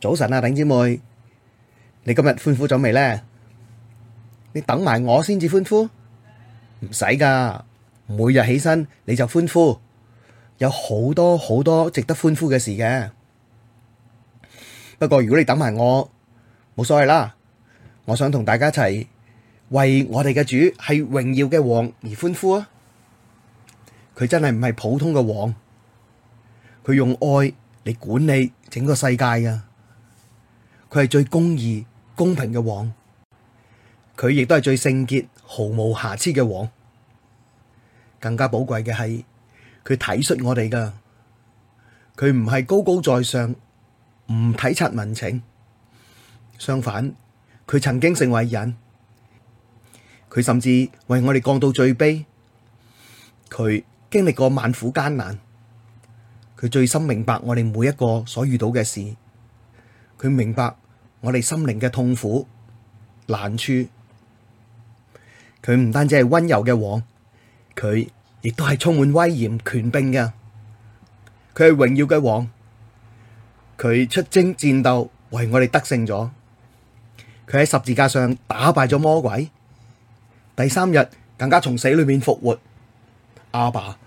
早晨啊，頂姐妹，你今日歡呼咗未呢？你等埋我先至歡呼？唔使噶，每日起身你就歡呼，有好多好多值得歡呼嘅事嘅。不過如果你等埋我，冇所謂啦。我想同大家一齊為我哋嘅主係榮耀嘅王而歡呼啊！佢真係唔係普通嘅王，佢用愛嚟管理整個世界噶。佢係最公義、公平嘅王，佢亦都係最聖潔、毫無瑕疵嘅王。更加寶貴嘅係，佢體恤我哋㗎，佢唔係高高在上，唔體察民情。相反，佢曾經成為人，佢甚至為我哋降到最卑，佢經歷過萬苦艱難，佢最深明白我哋每一個所遇到嘅事。佢明白我哋心靈嘅痛苦難處，佢唔單止係温柔嘅王，佢亦都係充滿威嚴權柄嘅，佢係榮耀嘅王，佢出征戰鬥為我哋得勝咗，佢喺十字架上打敗咗魔鬼，第三日更加從死裏面復活，阿爸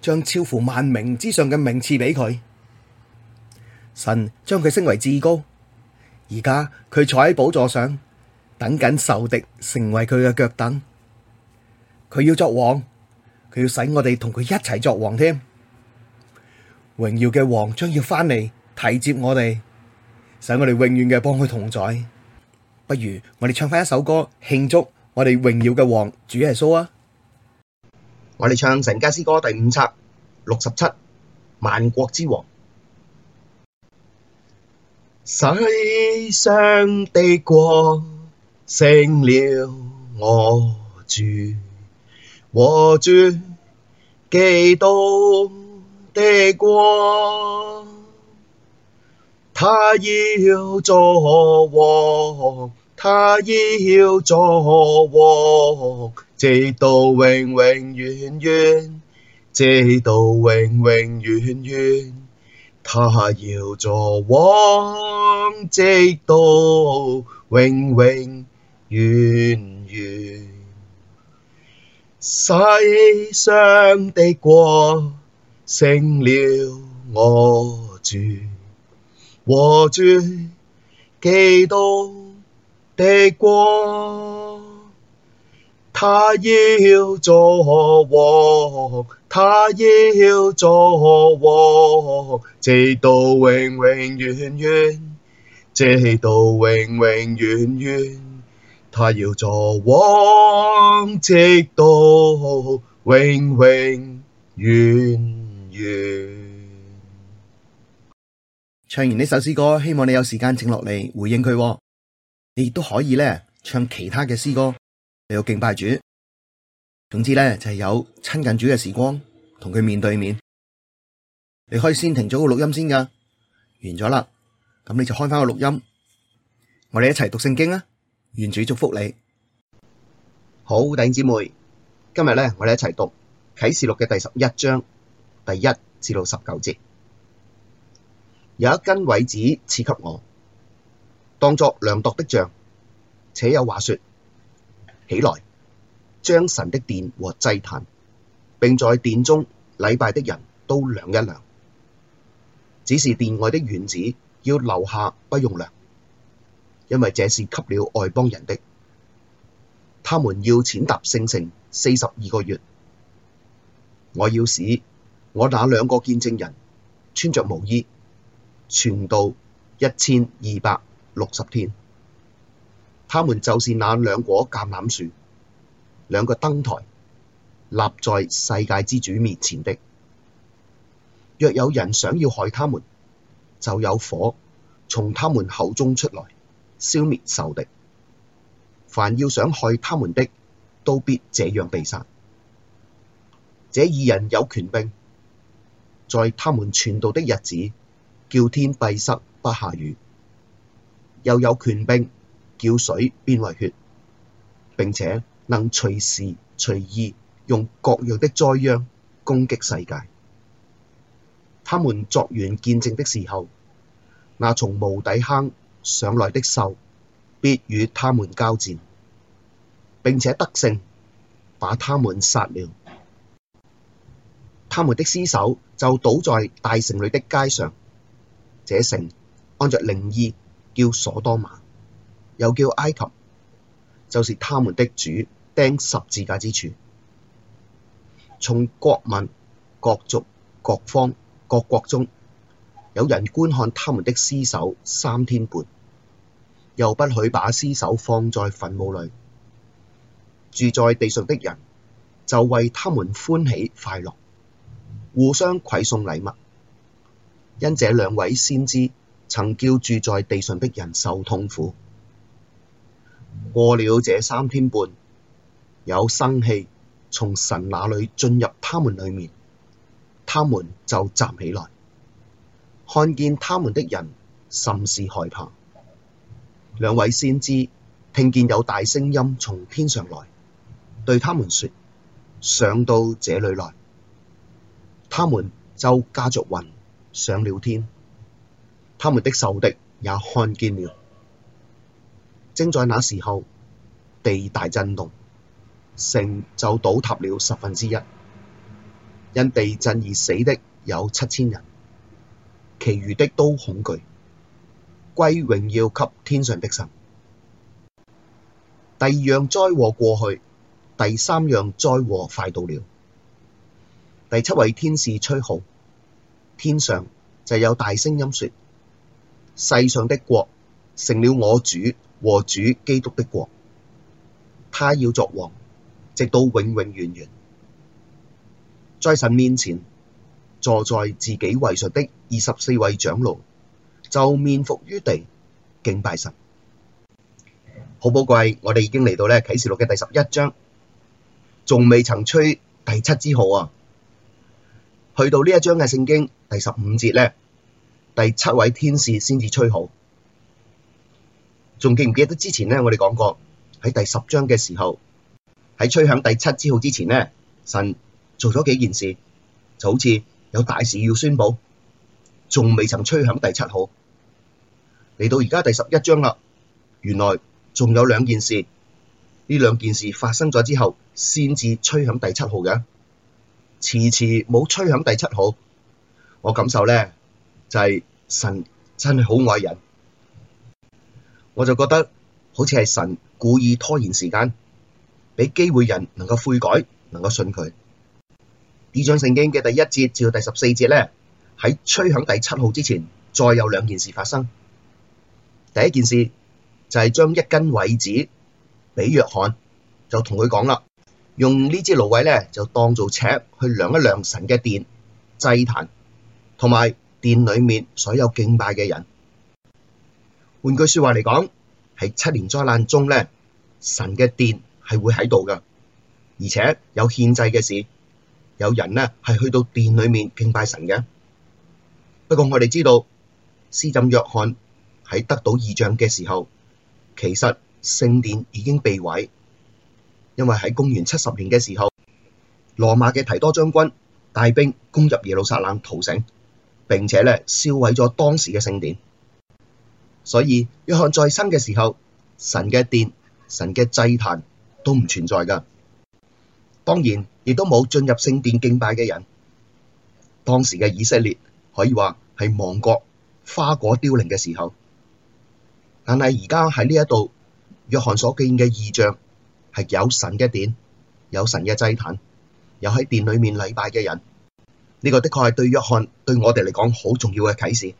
將超乎萬名之上嘅名次賜俾佢，神將佢升為至高。而家佢坐喺寶座上，等緊仇敵成為佢嘅腳凳，佢要作王，佢要使我哋同佢一齊作王添。榮耀嘅王將要翻嚟，提接我哋，使我哋永遠嘅幫佢同在。不如我哋唱翻一首歌慶祝我哋榮耀嘅王主耶穌啊！我哋唱《神家詩歌》第五冊六十七萬國之王。世上的國成了我主，我主基督的國，他要作王，他要作王，直到永永遠遠，直到永永遠遠。他要作王，直到永永遠遠，世上的國成了我主，我主基督的國。他要作王，他要作王，直到永永遠遠，直到永永遠遠。他要作王，直到永永遠遠。唱完呢首詩歌，希望你有時間靜落嚟回應佢，哦。你亦都可以呢，唱其他嘅詩歌。你要敬拜主，總之咧就係有親近主嘅時光，同佢面對面。你可以先停咗個錄音先噶，完咗啦，咁你就開翻個錄音，我哋一齊讀聖經啊。願主祝福你。好，弟兄姊妹，今日咧我哋一齊讀啟示錄嘅第十一章第一至到十九節，有一根葦子賜給我，當作量度的杖，且有話說。起來，將神的殿和祭壇，並在殿中禮拜的人都量一量。只是殿外的院子要留下不用量，因為這是給了外邦人的。他們要踐踏聖城四十二個月。我要使我那兩個見證人穿着毛衣，傳道一千二百六十天。他們就是那兩棵橄欖樹，兩個燈臺，立在世界之主面前的。若有人想要害他們，就有火從他們口中出來，消滅仇敵。凡要想害他們的，都必這樣被殺。這二人有權柄，在他們傳道的日子，叫天閉塞不下雨，又有權柄。叫水變為血，並且能隨時隨意用各樣的災殃攻擊世界。他們作完見證的時候，那從無底坑上來的獸，必與他們交戰，並且得勝，把他們殺了。他們的屍首就倒在大城裏的街上。這城按着靈意叫所多瑪，又叫埃及，就是他們的主釘十字架之處。從國民、各族、各方、各國中，有人觀看他們的屍首三天半，又不許把屍首放在墳墓裡。住在地上的人就為他們歡喜快樂，互相餽送禮物，因這兩位先知曾叫住在地上的人受痛苦。過了這三天半，有生氣從神那裡進入他們裡面，他們就站起來。看見他們的人甚是害怕。兩位先知聽見有大聲音從天上來，對他們說：上到這裡來。他們就駕着雲上了天。他們的仇敵也看見了。正在那時候，地大震動，城就倒塌了十分之一。因地震而死的有七千人，其餘的都恐懼，歸榮耀給天上的神。第二樣災禍過去，第三樣災禍快到了。第七位天使吹號，天上就有大聲音說：世上的國成了我主，和主基督的國，他要作王，直到永永遠遠。在神面前，坐在自己位上的二十四位長老，就面伏於地，敬拜神。 好寶貴，我哋已經嚟到咧啟示錄嘅第十一章，仲未曾吹第七支號啊！去到呢一章嘅聖經第十五節呢，第七位天使先至吹號。仲記唔記得之前咧？我哋講過喺第十章嘅時候，喺吹響第七支號之前咧，神做咗幾件事，就好似有大事要宣布，仲未曾吹響第七號。嚟到而家第十一章啦，原來仲有兩件事，呢兩件事發生咗之後，先至吹響第七號嘅。遲遲冇吹響第七號，我感受咧，就係、是、神真係好愛人。我就覺得好似係神故意拖延時間，俾機會人能夠悔改，能夠信佢。第二章聖經嘅第一節至到第十四節呢，喺吹響第七號之前，再有兩件事發生。第一件事就係、是、將一根葦子俾約翰，就同佢講啦，用呢支蘆葦呢，就當做尺去量一量神嘅殿、祭壇同埋殿裏面所有敬拜嘅人。換句話說話嚟講，喺七年災難中咧，神嘅殿係會喺度噶而且有獻祭嘅事，有人咧係去到殿裏面敬拜神嘅。不過我哋知道，施浸約翰喺得到異象嘅時候，其實聖殿已經被毀，因為喺公元七十年嘅時候，羅馬嘅提多將軍帶兵攻入耶路撒冷屠城，並且咧燒毀咗當時嘅聖殿。所以約翰在生嘅時候，神嘅殿、神嘅祭壇都唔存在噶。當然亦都冇進入聖殿敬拜嘅人。當時嘅以色列可以話係亡國、花果凋零嘅時候。但係而家喺呢一度，約翰所見嘅異象係有神嘅殿、有神嘅祭壇，有喺殿裏面禮拜嘅人。呢、這個的確係對約翰對我哋嚟講好重要嘅啟示，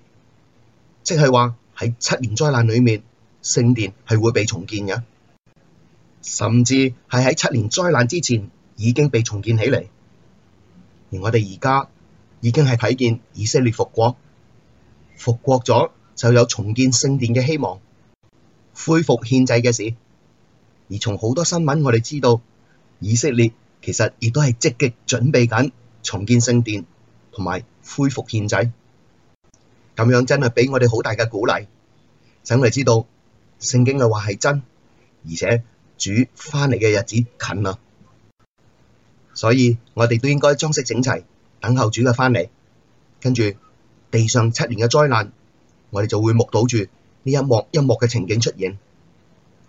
即係話。喺七年災難裏面，聖殿係會被重建嘅，甚至係喺七年災難之前已經被重建起嚟。而我哋而家已經係睇見以色列復國，復國咗就有重建聖殿嘅希望，恢復獻祭嘅事。而從好多新聞我哋知道，以色列其實亦都係積極準備緊重建聖殿同埋恢復獻祭。咁樣真係畀我哋好大嘅鼓勵，使我知道聖經嘅話係真，而且主翻嚟嘅日子近啦，所以我哋都應該裝飾整齊，等候主嘅翻嚟。跟住地上七年嘅災難，我哋就會目睹住呢一幕一幕嘅情景出現。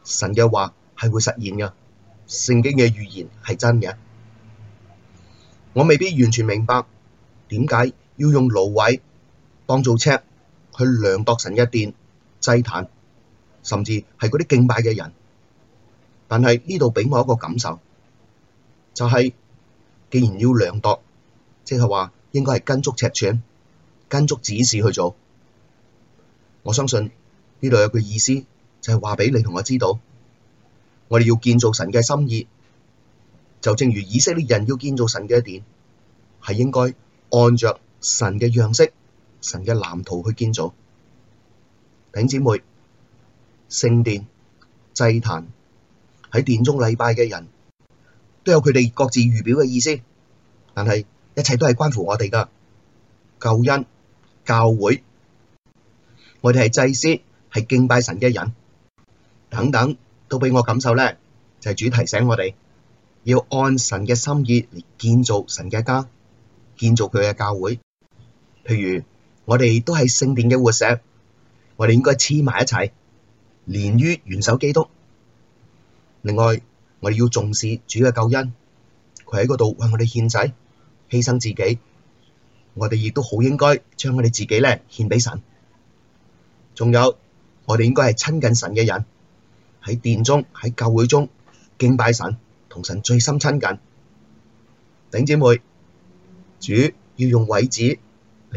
神嘅話係會實現噶，聖經嘅預言係真嘅。我未必完全明白點解要用蘆葦。當做尺去量度神嘅殿祭壇，甚至係嗰啲敬拜嘅人。但係呢度畀我一個感受，就係、是、既然要量度，即係話應該係跟足尺寸，跟足指示去做。我相信呢度有句意思，就係話畀你同我知道，我哋要建造神嘅心意，就正如以色列人要建造神嘅殿，係應該按着神嘅樣式。神嘅藍圖去建造，弟姊妹聖殿祭壇、喺殿中禮拜嘅人，都有佢哋各自預表嘅意思。但係一切都係關乎我哋嘅救恩教會，我哋係祭司，係敬拜神嘅人等等，都俾我感受咧，就係主提醒我哋要按神嘅心意嚟建造神嘅家，建造佢嘅教會，譬如。我哋都係聖殿嘅活石，我哋應該黐埋一齊，連於元首基督。另外，我哋要重視主嘅救恩，佢喺嗰度為我哋獻祭，犧牲自己。我哋亦都好應該將我哋自己咧獻畀神。仲有，我哋應該係親近神嘅人，喺殿中、喺教會中敬拜神，同神最深親近。頂姊妹，主要用位子。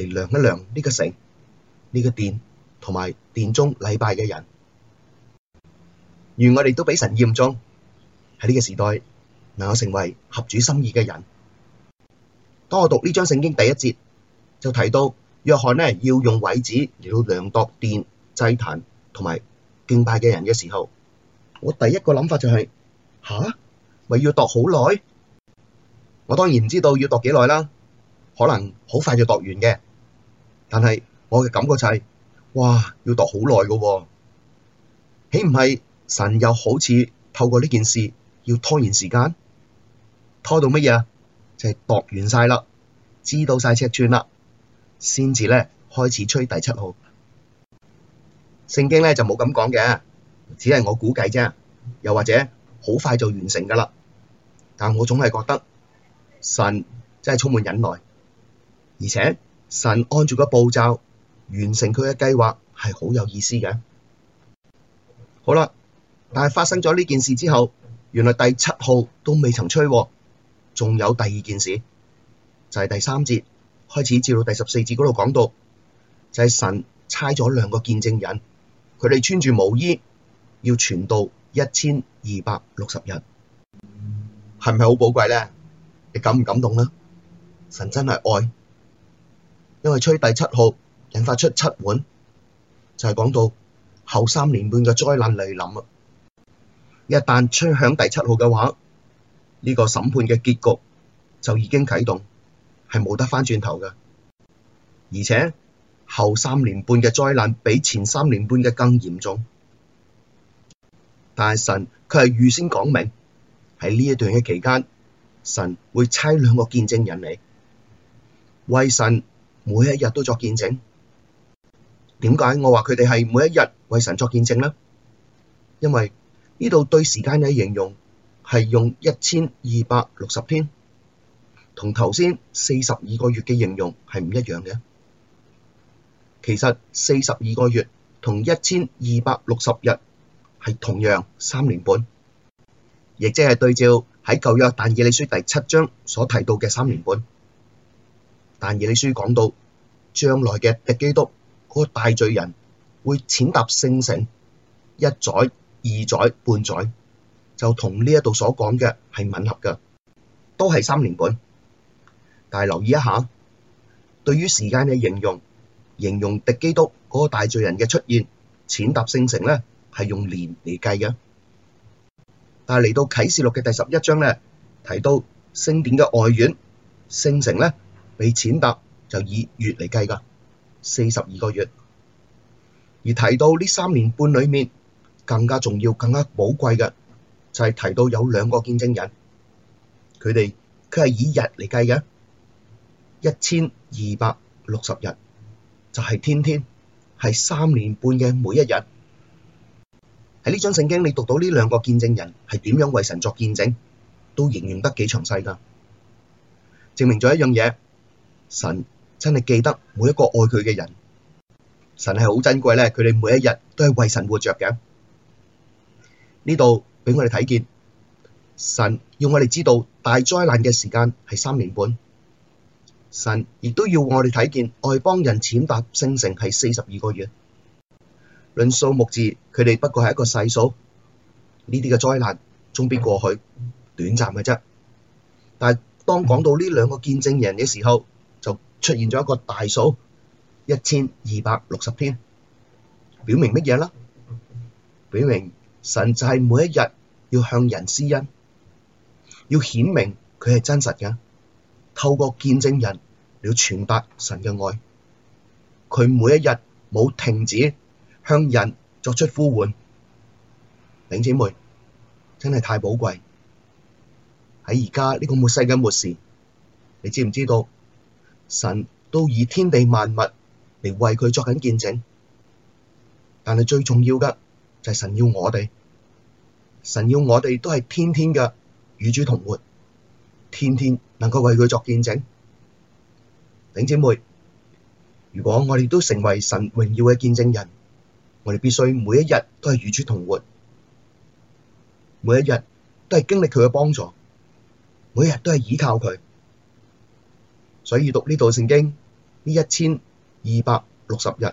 嚟量一量呢個城，呢、呢個殿同埋殿中禮拜嘅人。願我哋都俾神驗中喺呢個時代，能夠成為合主心意嘅人。當我讀呢章聖經第一節就提到約翰呢，要用葦子嚟到量度殿祭壇同埋敬拜嘅人嘅時候，我第一個諗法就係、是、吓，咪要度好耐？我當然唔知道要度幾耐啦，可能好快就度完嘅。但係我嘅感覺就係，哇，要度好耐噶豈唔係神又好似透過呢件事要拖延時間，拖到乜嘢啊？就係度完晒啦，知道晒尺寸啦，先至咧開始吹第七號。聖經咧就冇咁講嘅，只係我估計啫。又或者好快就完成噶啦，但我總係覺得神真係充滿忍耐，而且。神按住個步驟完成佢嘅計劃係好有意思嘅。好啦，但係發生咗呢件事之後，原來第七號都未曾吹喎，仲有第二件事就係、是、第三節開始至到第十四節嗰度講到就係、是、神差咗兩個見證人，佢哋穿住毛衣要傳道一千二百六十日，係咪好寶貴咧？你感唔感動啦？神真係愛。因為吹第七號，引發出七碗，就係、是、講到後三年半嘅災難嚟臨啦。一旦吹響第七號嘅話，呢、這個審判嘅結局就已經啟動，係冇得返轉頭㗎。而且後三年半嘅災難比前三年半嘅更嚴重。但係神佢係預先講明，喺呢一段嘅期間，神會差兩個見證人嚟為神。每一日都作見證，點解我話佢哋係每一日為神作見證呢？因為呢度對時間嘅形容係用一千二百六十天，同頭先四十二個月嘅形容係唔一樣嘅。其實四十二個月同一千二百六十日係同樣三年半，亦即係對照喺舊約但以理書第七章所提到嘅三年半。但以理書講到將來嘅敵基督嗰個大罪人會踐踏聖城一載、二載、半載，就同呢一度所講嘅係吻合嘅，都係三年半。但係留意一下，對於時間嘅形容，形容敵基督嗰個大罪人嘅出現踐踏聖城呢，係用年嚟計嘅。但係嚟到啟示錄嘅第十一章呢，提到聖殿嘅外院、聖城呢。俾踐踏，就以月嚟計㗎，四十二個月。而提到呢三年半裏面更加重要、更加寶貴嘅，就係提到有兩個見證人，佢哋佢係以日嚟計嘅，一千二百六十日，就係天天係三年半嘅每一日。喺呢張聖經，你讀到呢兩個見證人係點樣為神作見證，都形容得幾詳細㗎，證明咗一樣嘢。神真係記得每一個愛佢嘅人，神係好珍貴咧。佢哋每一日都係為神活着嘅，呢度，畀我哋睇見神要我哋知道大災難嘅時間係三年半，神亦都要我哋睇見外邦人踐踏聖城係四十二個月。論數目字，佢哋不過係一個細數，呢啲嘅災難終必過去，短暫嘅啫。但係當講到呢兩個見證人嘅時候，出現咗一個大數一千二百六十天，表明乜嘢啦？表明神就係每一日要向人施恩，要顯明佢係真實嘅。透過見證人嚟傳達神嘅愛，佢每一日冇停止向人作出呼喚。嗯。弟兄姊妹，真係太寶貴喺而家呢個末世嘅末時，你知唔知道？神都以天地萬物嚟為佢作緊見證，但係最重要嘅就係神要我哋，神要我哋都係天天嘅與主同活，天天能夠為佢作見證。頂姐妹，如果我哋都成為神榮耀嘅見證人，我哋必須每一日都係與主同活，每一日都係經歷佢嘅幫助，每一日都係依靠佢。所以讀呢度聖經，呢一千二百六十日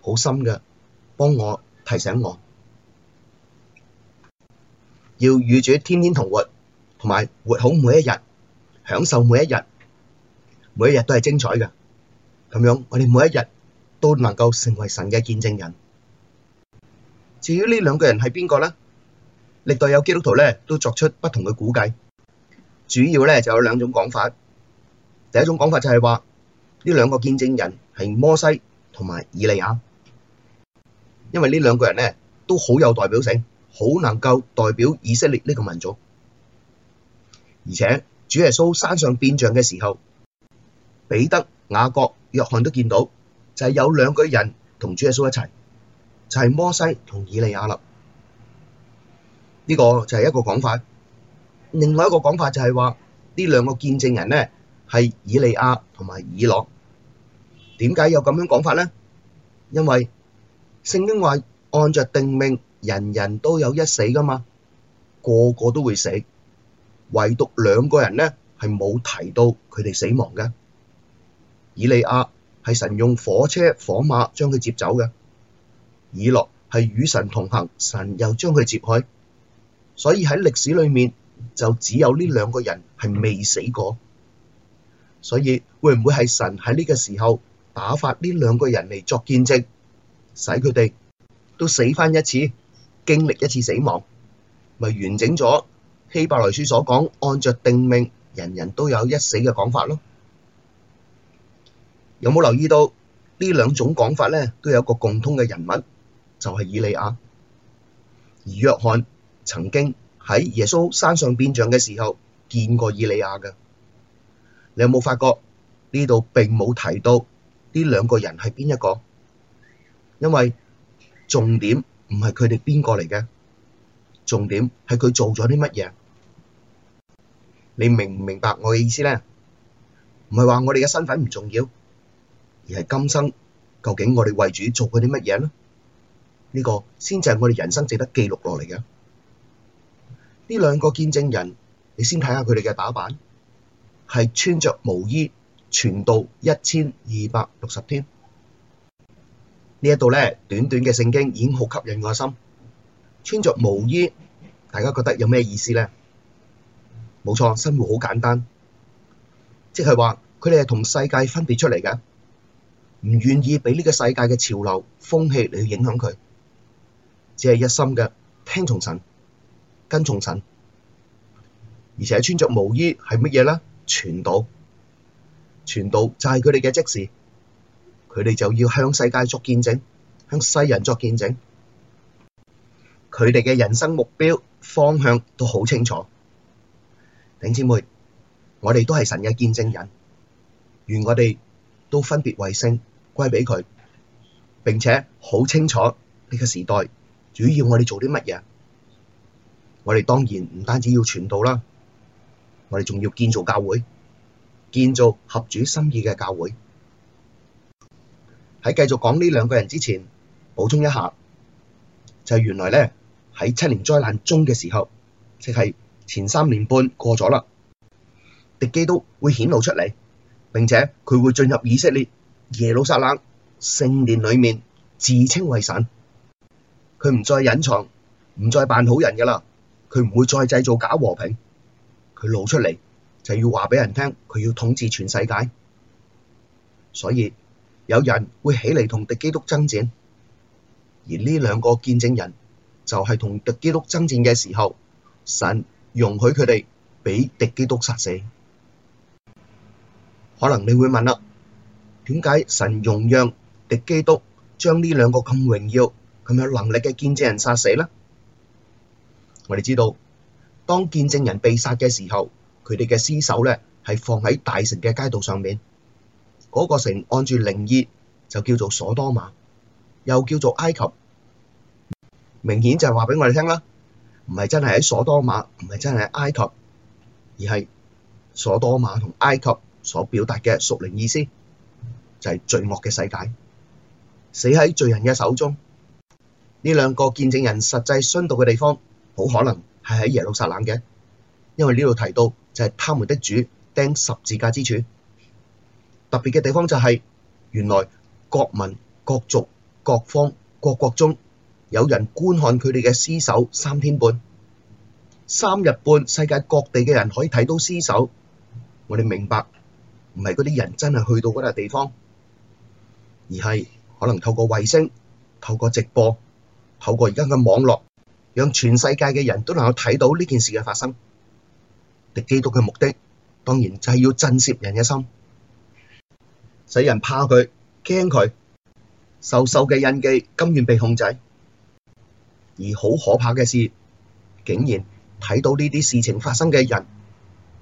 好深嘅，幫我提醒我，要與主天天同活，同埋活好每一日，享受每一日，每一日都係精彩嘅。咁樣我哋每一日都能夠成為神嘅見證人。至於呢兩個人係邊個咧？歷代有基督徒咧都作出不同嘅估計，主要咧就有兩種講法。第一種講法就係話呢兩個見證人係摩西同埋以利亞，因為呢兩個人呢都好有代表性，好能夠代表以色列呢個民族。而且主耶穌山上變像嘅時候，彼得、雅各、約翰都見到，就係有兩個人同主耶穌一齊，就係摩西同以利亞啦。呢個就係一個講法。另外一個講法就係話呢兩個見證人呢，係以利亞同埋以諾，點解有咁樣講法呢？因為聖經話按着定命，人人都有一死噶嘛，個個都會死。唯獨兩個人呢，係冇提到佢哋死亡嘅。以利亞係神用火車火馬將佢接走嘅，以諾係與神同行，神又將佢接去。所以喺歷史裡面就只有呢兩個人係未死過。所以會唔會係神喺呢個時候打發呢兩個人嚟作見證，使佢哋都死翻一次，經歷一次死亡，咪完整咗希伯來書所講按著定命人人都有一死嘅講法咯？有冇留意到呢兩種講法呢？都有一個共通嘅人物，就係以利亞。而約翰曾經喺耶穌山上變像嘅時候見過以利亞㗎。你有冇發覺呢度並冇提到呢兩個人係邊一個？因為重點唔係佢哋邊個嚟嘅，重點係佢做咗啲乜嘢。你明唔明白我嘅意思咧？唔係話我哋嘅身份唔重要，而係今生究竟我哋為主做嗰啲乜嘢咧？呢、呢個先至係我哋人生值得記錄落嚟嘅。呢兩個見證人，你先睇下佢哋嘅打扮。係穿着毛衣，傳道一千二百六十天。呢一度呢，短短嘅聖經已經好吸引我心。穿着毛衣，大家覺得有咩意思呢？冇錯，生活好簡單，即係話佢哋係同世界分別出嚟嘅，唔願意畀呢個世界嘅潮流風氣嚟去影響佢，只係一心嘅，聽從神、跟從神，而且穿着毛衣係乜嘢呢？傳道，傳道就係佢哋嘅職事，佢哋就要向世界作見證，向世人作見證。佢哋嘅人生目標方向都好清楚。頂姊妹，我哋都係神嘅見證人，願我哋都分別為聖，歸畀佢，並且好清楚呢個時代主要我哋做啲乜嘢。我哋當然唔單止要傳道啦。我哋仲要建造教會，建造合主心意嘅教會。喺繼續講呢兩個人之前，補充一下，就係原來咧喺七年災難中嘅時候，即係前三年半過咗啦，敵基督會顯露出嚟，並且佢會進入以色列耶路撒冷聖殿裏面自稱為神，佢唔再隱藏，唔再扮好人噶啦，佢唔會再製造假和平。佢露出嚟就要話畀人聽，佢要統治全世界，所以有人會起嚟同敵基督爭戰，而呢兩個見證人就係同敵基督爭戰嘅時候，神容許佢哋俾敵基督殺死。可能你會問啦，點解神容讓敵基督將呢兩個咁榮耀、咁有能力嘅見證人殺死咧？我哋知道。當見證人被殺嘅時候，佢哋嘅屍首咧係放喺大城嘅街道上面。嗰、那個城按住靈意就叫做所多瑪，又叫做埃及。明顯就係話俾我哋聽啦，唔係真係喺所多瑪，唔係真係埃及，而係所多瑪同埃及所表達嘅屬靈意思，就係、是、罪惡嘅世界，死喺罪人嘅手中。呢兩個見證人實際殉道嘅地方，好可能。係喺耶路撒冷嘅，因為呢度提到就係他們的主釘十字架之處。特別嘅地方就係原來各民、各族、各方、各國中有人觀看佢哋嘅屍首三天半，三日半世界各地嘅人可以睇到屍首。我哋明白唔係嗰啲人真係去到嗰個地方，而係可能透過衛星、透過直播、透過而家嘅網絡。讓全世界嘅人都能夠睇到呢件事嘅發生，敵基督嘅目的當然就係要震懾人嘅心，使人怕佢驚佢，受受嘅印記，甘願被控制。而好可怕嘅事，竟然睇到呢啲事情發生嘅人。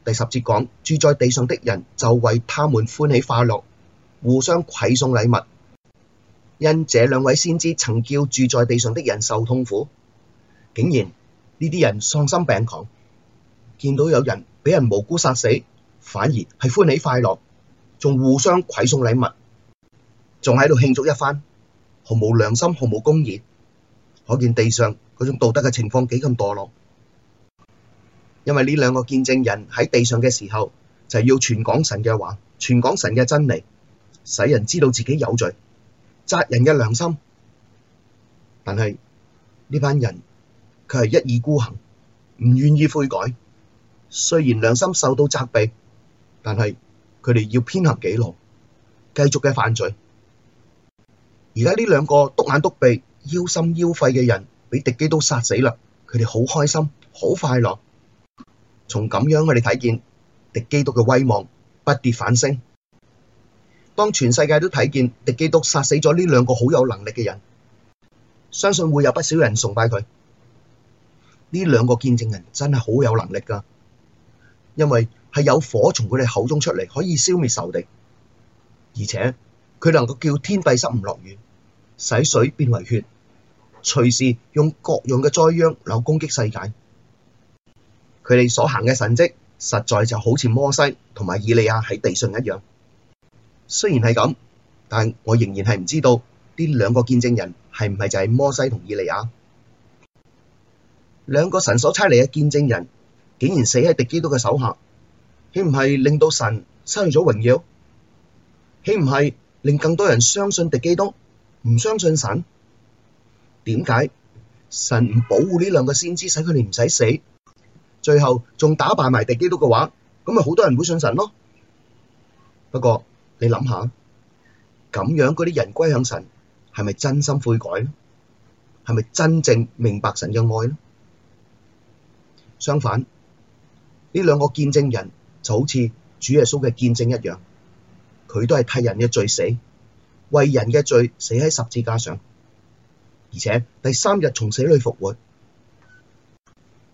第十節講住在地上的人就為他們歡喜快樂，互相饋送禮物，因這兩位先知曾叫住在地上的人受痛苦。竟然呢啲人喪心病狂，見到有人俾人無辜殺死，反而係歡喜快樂，仲互相饋送禮物，仲喺度慶祝一番，毫無良心，毫無公義。可見地上嗰種道德嘅情況幾咁墮落。因為呢兩個見證人喺地上嘅時候，就係、是、要傳講神嘅話，傳講神嘅真理，使人知道自己有罪，扎人嘅良心。但係呢班人。佢係一意孤行，唔願意悔改。雖然良心受到責備，但係佢哋要偏行己路，繼續嘅犯罪。而家呢兩個篤眼篤鼻、腰心腰肺嘅人，俾敵基督殺死啦。佢哋好開心，好快樂。從咁樣我，我哋睇見敵基督嘅威望不跌反升。當全世界都睇見敵基督殺死咗呢兩個好有能力嘅人，相信會有不少人崇拜佢。呢兩個見證人真係好有能力㗎，因為係有火從佢哋口中出嚟，可以消滅仇敵，而且佢能夠叫天閉塞唔落雨，使水變為血，隨時用各樣嘅災殃嚟攻擊世界。佢哋所行嘅神蹟，實在就好似摩西同埋以利亞喺地上一樣。雖然係咁，但我仍然係唔知道呢兩個見證人係唔係就係摩西同以利亞。兩個神所差嚟嘅見證人，竟然死喺敵基督嘅手下，豈唔係令到神失去咗榮耀？豈唔係令更多人相信敵基督，唔相信神？點解神唔保護呢兩個先知，使佢哋唔使死？最後仲打敗埋敵基督嘅話，咁咪好多人會信神咯？不過你諗下，咁樣嗰啲人歸向神，係咪真心悔改咧？係咪真正明白神嘅愛咧？相反，呢兩個見證人就好似主耶穌嘅見證一樣，佢都係替人嘅罪死，為人嘅罪死喺十字架上，而且第三日從死裏復活。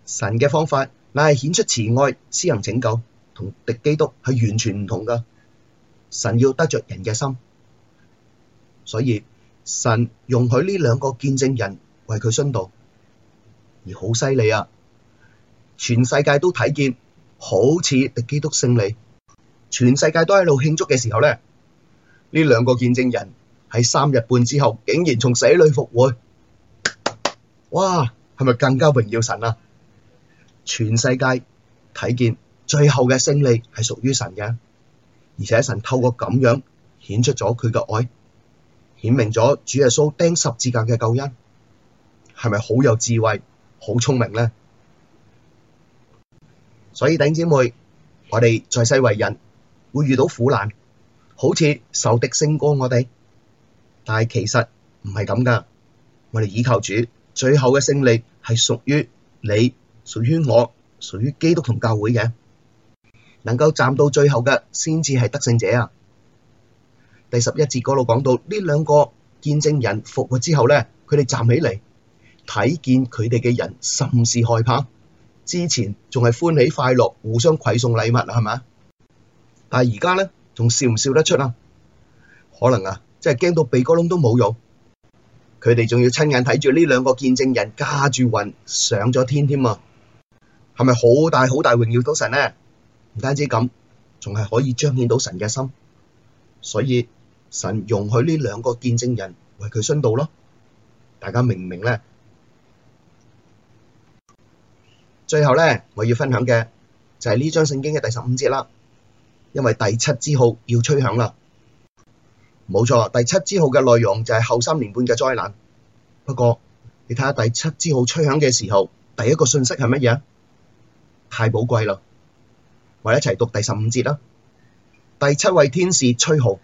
神嘅方法乃係顯出慈愛，施行拯救，同敵基督係完全唔同㗎。神要得着人嘅心，所以神容許呢兩個見證人為佢殉道，而好犀利啊！全世界都睇見，好似敵基督勝利，全世界都喺度慶祝嘅時候咧，呢兩個見證人喺三日半之後，竟然從死裏復活，哇，係咪更加榮耀神啊？全世界睇見，最後嘅勝利係屬於神嘅，而且神透過咁樣顯出咗佢嘅愛，顯明咗主耶穌釘十字架嘅救恩，係咪好有智慧，好聰明咧？所以弟姐妹，我哋在世為人會遇到苦難，好似受敵勝過我哋，但係其實唔係咁噶。我哋倚靠主，最後嘅勝利係屬於你，屬於我，屬於基督同教會嘅。能夠站到最後嘅，先至係得勝者啊！第十一節嗰度講到，呢兩個見證人復活之後呢，佢哋站起嚟，睇見佢哋嘅人甚是害怕。之前仲係歡喜快樂，互相饋送禮物，係嘛？但係而家咧，仲笑唔笑得出啊？可能啊，真係驚到鼻哥窿都冇用。佢哋仲要親眼睇住呢兩個見證人駕住雲上咗天添啊！係咪好大好大榮耀到神呢？唔單止咁，仲係可以彰顯到神嘅心。所以神容許呢兩個見證人為佢殉道咯。大家明唔明咧？最後咧，我要分享嘅就係呢張聖經嘅第十五節啦，因為第七支號要吹響啦，冇錯，第七支號嘅內容就係後三年半嘅災難。不過你睇下第七支號吹響嘅時候，第一個訊息係乜嘢？太寶貴啦！我一齊讀第十五節啦。第七位天使吹號，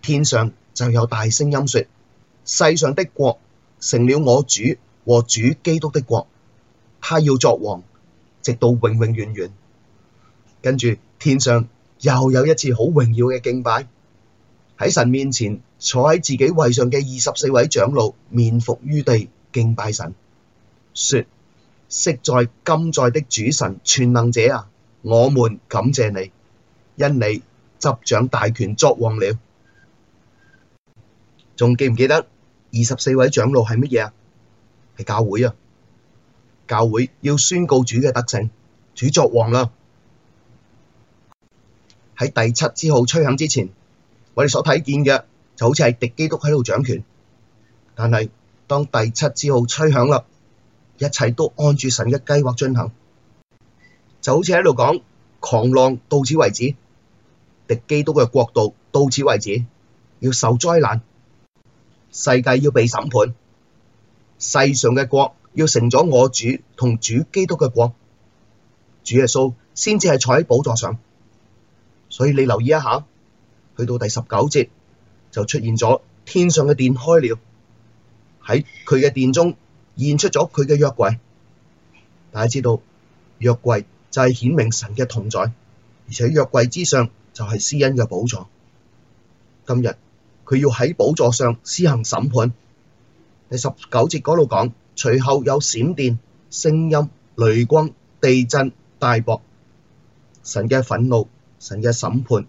天上就有大聲音說：世上的國成了我主和主基督的國。他要作王，直到永永遠遠。跟住天上又有一次好榮耀嘅敬拜，喺神面前坐喺自己位上嘅二十四位長老，面伏於地敬拜神，說：昔在今在的主神全能者啊，我們感謝你，因你執掌大權作王了。仲記唔記得二十四位長老係乜嘢啊？係教會啊。教會要宣告主嘅德性，主作王啦。喺第七之號吹響之前，我哋所睇見嘅就好似係敵基督喺度掌權，但係當第七之號吹響啦，一切都按住神嘅計劃進行，就好似喺度講狂浪到此為止，敵基督嘅國度到此為止，要受災難，世界要被審判，世上嘅國。要成咗我主同主基督嘅國，主耶穌先至係坐喺寶座上。所以你留意一下，去到第十九節就出現咗天上嘅殿開了，喺佢嘅殿中現出咗佢嘅約櫃。大家知道約櫃就係顯明神嘅同在，而且約櫃之上就係施恩嘅寶座。今日佢要喺寶座上施行審判。第十九節嗰度講。隨後有閃電、聲音、雷光、地震、大雹，神嘅憤怒、神嘅審判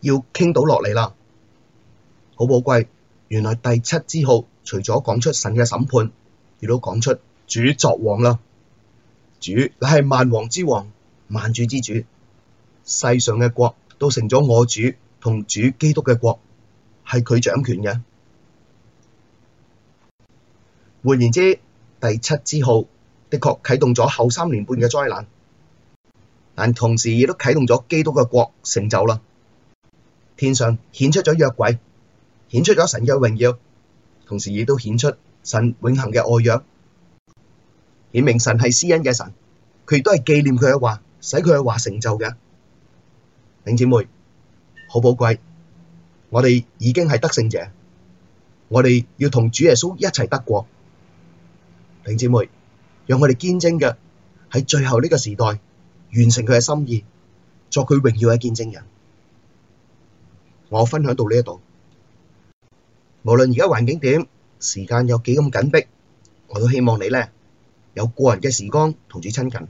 要傾倒落嚟啦，好寶貴。原來第七之號除咗講出神嘅審判，亦都講出主作王啦。主，你係萬王之王、萬主之主，世上嘅國都成咗我主同主基督嘅國，係佢掌權嘅。換言之，第七支號的確啟動咗後三年半嘅災難，但同時亦都啟動咗基督嘅國成就啦。天上顯出咗約櫃，顯出咗神嘅榮耀，同時亦都顯出神永恆嘅愛約，顯明神係施恩嘅神，佢亦都係紀念佢嘅話，使佢嘅話成就嘅。弟兄姊妹好寶貴，我哋已經係得勝者，我哋要同主耶穌一齊得國。弟兄姊妹，讓我哋見證嘅喺最後呢個時代，完成佢嘅心意，作佢榮耀嘅見證人。我分享到呢一度，無論而家環境點，時間有幾咁緊迫，我都希望你咧有個人嘅時光同主親近，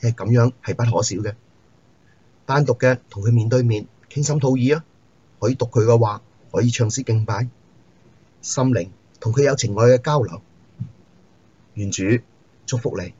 係咁樣係不可少嘅。單獨嘅同佢面對面傾心吐意啊，可以讀佢嘅話，可以唱詩敬拜，心靈同佢有情愛嘅交流。願主祝福你。